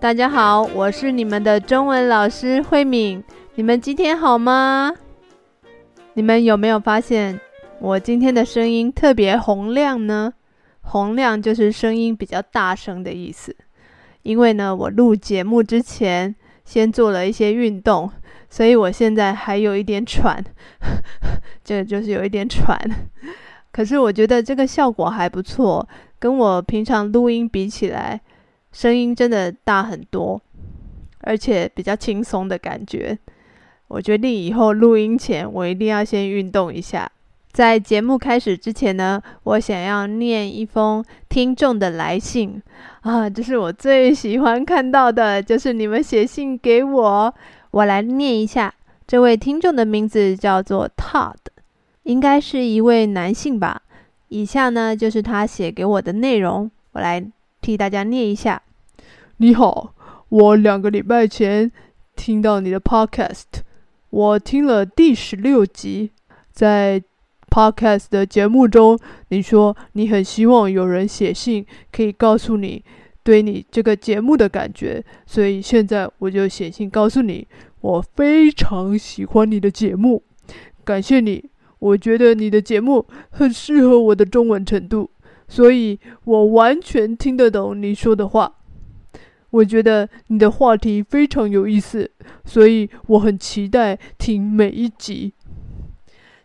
大家好，我是你們的中文老師慧敏。你們今天好嗎？你們有沒有發現我今天的聲音特別宏亮呢？宏亮就是聲音比較大聲的意思。因為呢，我錄節目之前先做了一些運動，所以我現在還有一點喘，呵呵，這就是有一點喘。可是我覺得這個效果還不錯，跟我平常錄音比起來。聲音真的大很多，而且比較輕鬆的感覺。我決定以後錄音前，我一定要先運動一下。在節目開始之前呢，我想要念一封聽眾的來信啊，這是我最喜歡看到的，就是你們寫信給我，我來念一下。這位聽眾的名字叫做 Todd，應該是一位男性吧。以下呢，就是他寫給我的內容，我來，替大家念一下。你好，我兩個禮拜前聽到你的 Podcast，我聽了第十六集。在 Podcast 的節目中，你說你很希望有人寫信，可以告訴你對你這個節目的感覺，所以現在我就寫信告訴你，我非常喜歡你的節目，感謝你。我覺得你的節目很適合我的中文程度。所以我完全聽得懂你說的話，我覺得你的話題非常有意思，所以我很期待聽每一集。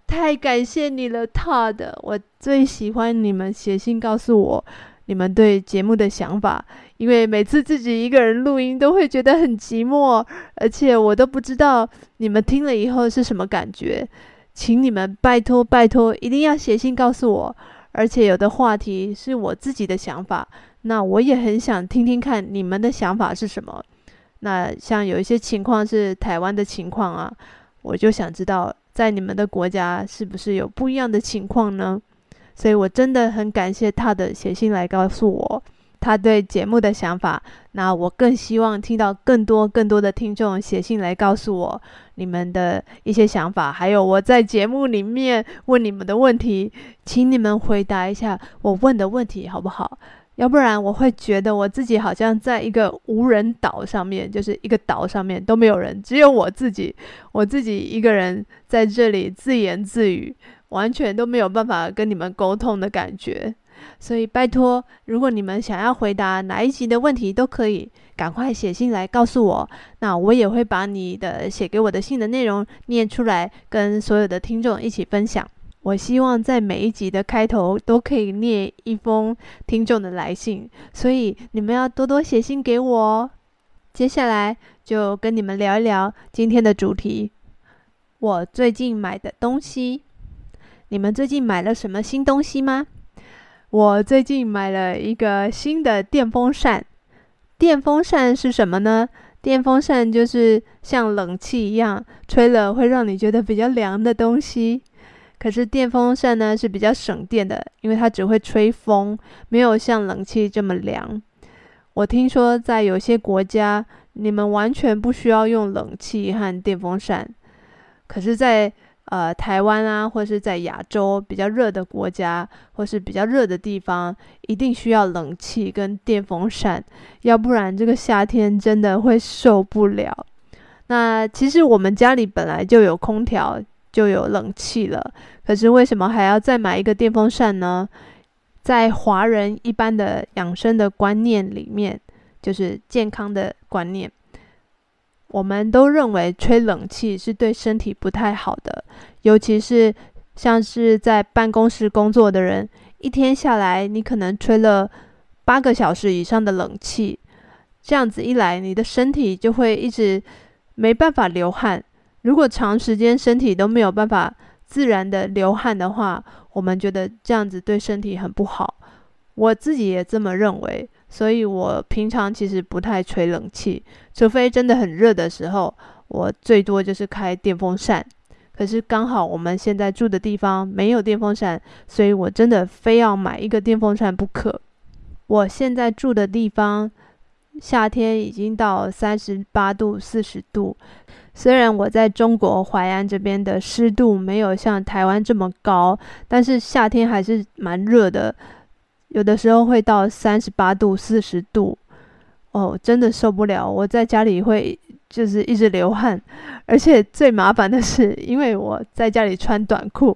太感謝你了，Todd。我最喜歡你們寫信告訴我你們對節目的想法，因為每次自己一個人錄音都會覺得很寂寞，而且我都不知道你們聽了以後是什麼感覺。請你們拜托拜托，一定要寫信告訴我。而且有的話題是我自己的想法，那我也很想聽聽看你們的想法是什麼。那像有一些情況是台灣的情況啊，我就想知道在你們的國家是不是有不一樣的情況呢？所以我真的很感謝他的寫信來告訴我。他對節目的想法，那我更希望聽到更多更多的聽眾寫信來告訴我你們的一些想法，還有我在節目裡面問你們的問題，請你們回答一下我問的問題，好不好？要不然我會覺得我自己好像在一個無人島上面，就是一個島上面都沒有人，只有我自己，我自己一個人在這裡自言自語，完全都沒有辦法跟你們溝通的感覺。所以，拜託，如果你們想要回答哪一集的問題，都可以趕快寫信來告訴我。那我也會把你的寫給我的信的內容念出來，跟所有的聽眾一起分享。我希望在每一集的開頭都可以念一封聽眾的來信，所以你們要多多寫信給我哦。接下來就跟你們聊一聊今天的主題——我最近買的東西。你們最近買了什麼新東西嗎？我最近買了一個新的電風扇。電風扇是什麼呢？電風扇就是像冷氣一樣，吹了會讓你覺得比較涼的東西。可是電風扇呢是比較省電的，因為它只會吹風，沒有像冷氣這麼涼。我聽說在有些國家，你們完全不需要用冷氣和電風扇。可是在呃，台灣啊，或是在亞洲比較熱的國家，或是比較熱的地方，一定需要冷氣跟電風扇，要不然這個夏天真的會受不了。那其實我們家裡本來就有空調，就有冷氣了，可是為什麼還要再買一個電風扇呢？在華人一般的養生的觀念裡面，就是健康的觀念。我們都認為吹冷氣是對身體不太好的，尤其是像是在辦公室工作的人，一天下來你可能吹了八個小時以上的冷氣，這樣子一來，你的身體就會一直沒辦法流汗。如果長時間身體都沒有辦法自然的流汗的話，我們覺得這樣子對身體很不好。我自己也這麼認為。所以我平常其實不太吹冷氣，除非真的很熱的時候，我最多就是開電風扇。可是剛好我們現在住的地方沒有電風扇，所以我真的非要買一個電風扇不可。我現在住的地方，夏天已經到三十八度、四十度。雖然我在中國淮安這邊的濕度沒有像台灣這麼高，但是夏天還是蠻熱的。有的時候會到三十八度、四十度，哦，oh，真的受不了。我在家裡會就是一直流汗，而且最麻煩的是，因為我在家裡穿短褲，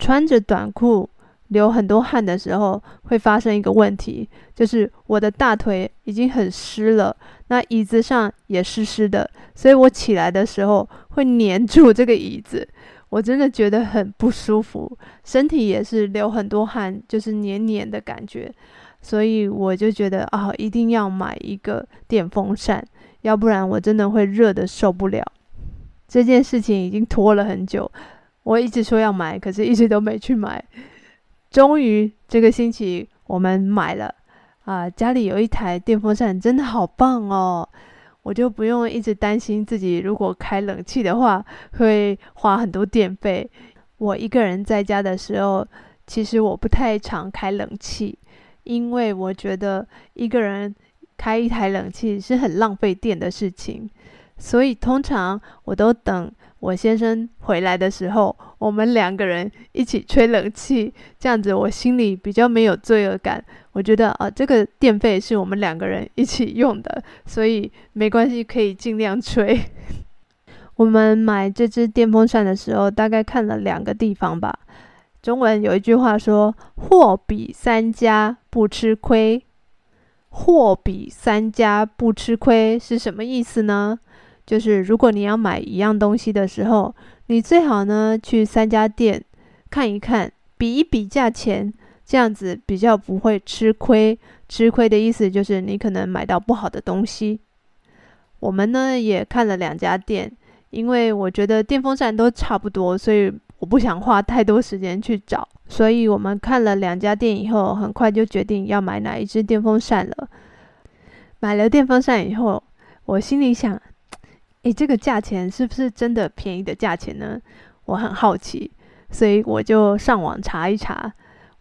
穿着短褲流很多汗的時候，會發生一個問題，就是我的大腿已經很濕了，那椅子上也濕濕的，所以我起來的時候會黏住這個椅子。我真的覺得很不舒服，身體也是流很多汗，就是黏黏的感覺，所以我就覺得啊，一定要買一個電風扇，要不然我真的會熱得受不了。這件事情已經拖了很久，我一直說要買，可是一直都沒去買。終於這個星期我們買了，啊，家裡有一台電風扇，真的好棒哦。我就不用一直擔心自己如果開冷氣的話會花很多電費。我一個人在家的時候，其實我不太常開冷氣，因為我覺得一個人開一台冷氣是很浪費電的事情。所以通常我都等我先生回來的時候，我們兩個人一起吹冷氣，這樣子我心裡比較沒有罪惡感。我覺得啊、哦，這個電費是我們兩個人一起用的，所以沒關係，可以盡量吹。 我們買這隻電風扇的時候，大概看了兩個地方吧。中文有一句話說：“貨比三家不吃虧。”“貨比三家不吃虧”是什麼意思呢？就是如果你要買一樣東西的時候，你最好呢去三家店看一看，比一比價錢，這樣子比較不會吃虧。吃虧的意思就是你可能買到不好的東西。我們呢也看了兩家店，因為我覺得電風扇都差不多，所以我不想花太多時間去找。所以我們看了兩家店以後，很快就決定要買哪一隻電風扇了。買了電風扇以後，我心裡想。誒，這個價錢是不是真的便宜的價錢呢？我很好奇，所以我就上網查一查。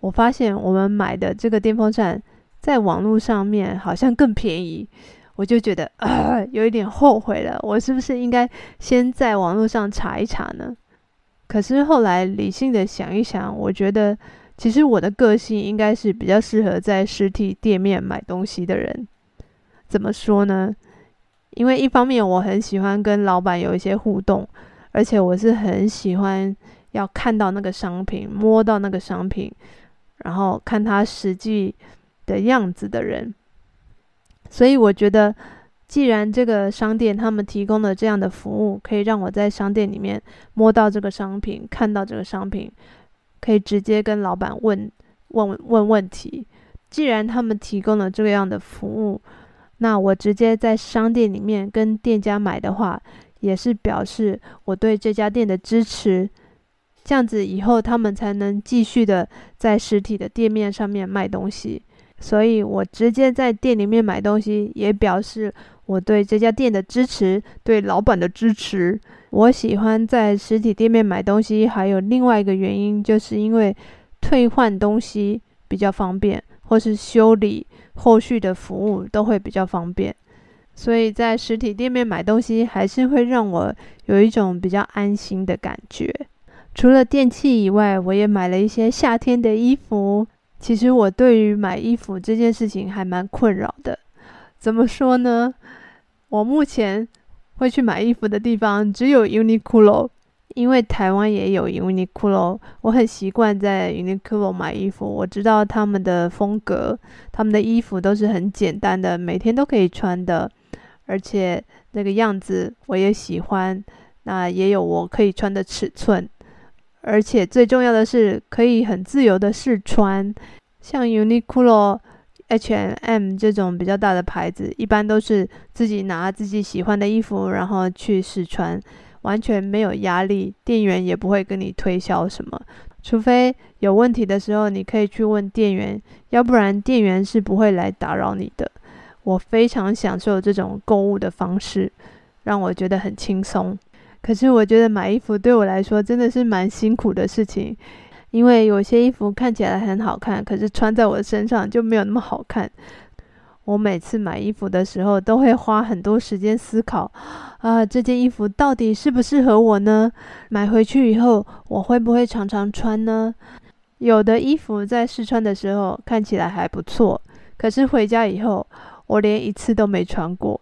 我發現我們買的這個電風扇，在網絡上面好像更便宜，我就覺得，呃，有一點後悔了。我是不是應該先在網絡上查一查呢？可是後來理性的想一想，我覺得其實我的個性應該是比較適合在實體店面買東西的人。怎麼說呢？因為一方面我很喜歡跟老闆有一些互動，而且我是很喜歡要看到那個商品、摸到那個商品，然後看他實際的樣子的人。所以我覺得，既然這個商店他們提供了這樣的服務，可以讓我在商店裡面摸到這個商品、看到這個商品，可以直接跟老闆問問問問題。既然他們提供了這個樣的服務。那我直接在商店裡面跟店家買的話，也是表示我對這家店的支持，這樣子以後他們才能繼續的在實體的店面上面賣東西。所以我直接在店裡面買東西，也表示我對這家店的支持，對老板的支持。我喜歡在實體店面買東西，還有另外一個原因，就是因為退換東西比較方便。或是修理，後續的服務都會比較方便，所以在實體店面買東西，還是會讓我有一種比較安心的感覺。除了電器以外，我也買了一些夏天的衣服。其實我對於買衣服這件事情還蠻困擾的。怎麼說呢？我目前會去買衣服的地方只有 Uniqlo。因為台灣也有 Uniqlo，我很習慣在 Uniqlo 買衣服，我知道他們的風格，他們的衣服都是很簡單的，每天都可以穿的，而且那個樣子我也喜歡，那也有我可以穿的尺寸，而且最重要的是可以很自由地試穿，像 Uniqlo、H&M 這種比較大的牌子，一般都是自己拿自己喜歡的衣服，然後去試穿。完全沒有壓力，店員也不會跟你推銷什麼，除非有問題的時候，你可以去問店員，要不然店員是不會來打擾你的。我非常享受這種購物的方式，讓我覺得很輕鬆。可是我覺得買衣服對我來說真的是蠻辛苦的事情，因為有些衣服看起來很好看，可是穿在我身上就沒有那麼好看。我每次買衣服的時候，都會花很多時間思考：啊，這件衣服到底適不適合我呢？買回去以後，我會不會常常穿呢？有的衣服在試穿的時候看起來還不錯，可是回家以後，我連一次都沒穿過。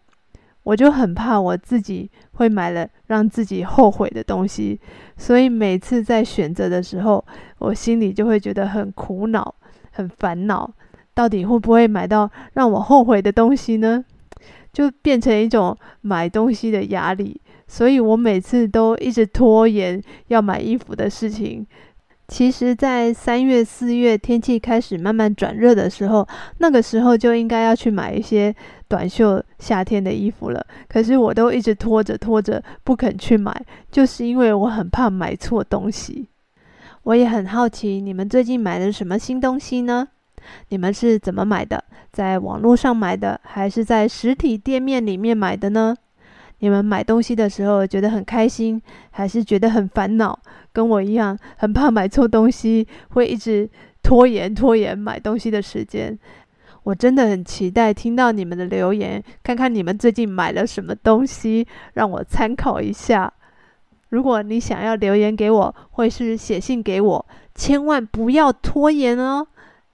我就很怕我自己會買了讓自己後悔的東西，所以每次在選擇的時候，我心裡就會覺得很苦惱、很煩惱。到底會不會買到讓我後悔的東西呢？就變成一種買東西的壓力，所以我每次都一直拖延要買衣服的事情。其實，在三月、四月天氣開始慢慢轉熱的時候，那個時候就應該要去買一些短袖夏天的衣服了。可是我都一直拖着拖着不肯去買，就是因為我很怕買錯東西。我也很好奇，你們最近買了什麼新東西呢？你們是怎麼買的？在網絡上買的，還是在實體店面裡面買的呢？你們買東西的時候覺得很開心，還是覺得很煩惱？跟我一樣，很怕買錯東西，會一直拖延拖延買東西的時間。我真的很期待聽到你們的留言，看看你們最近買了什麼東西，讓我參考一下。如果你想要留言給我，或是寫信給我，千萬不要拖延哦。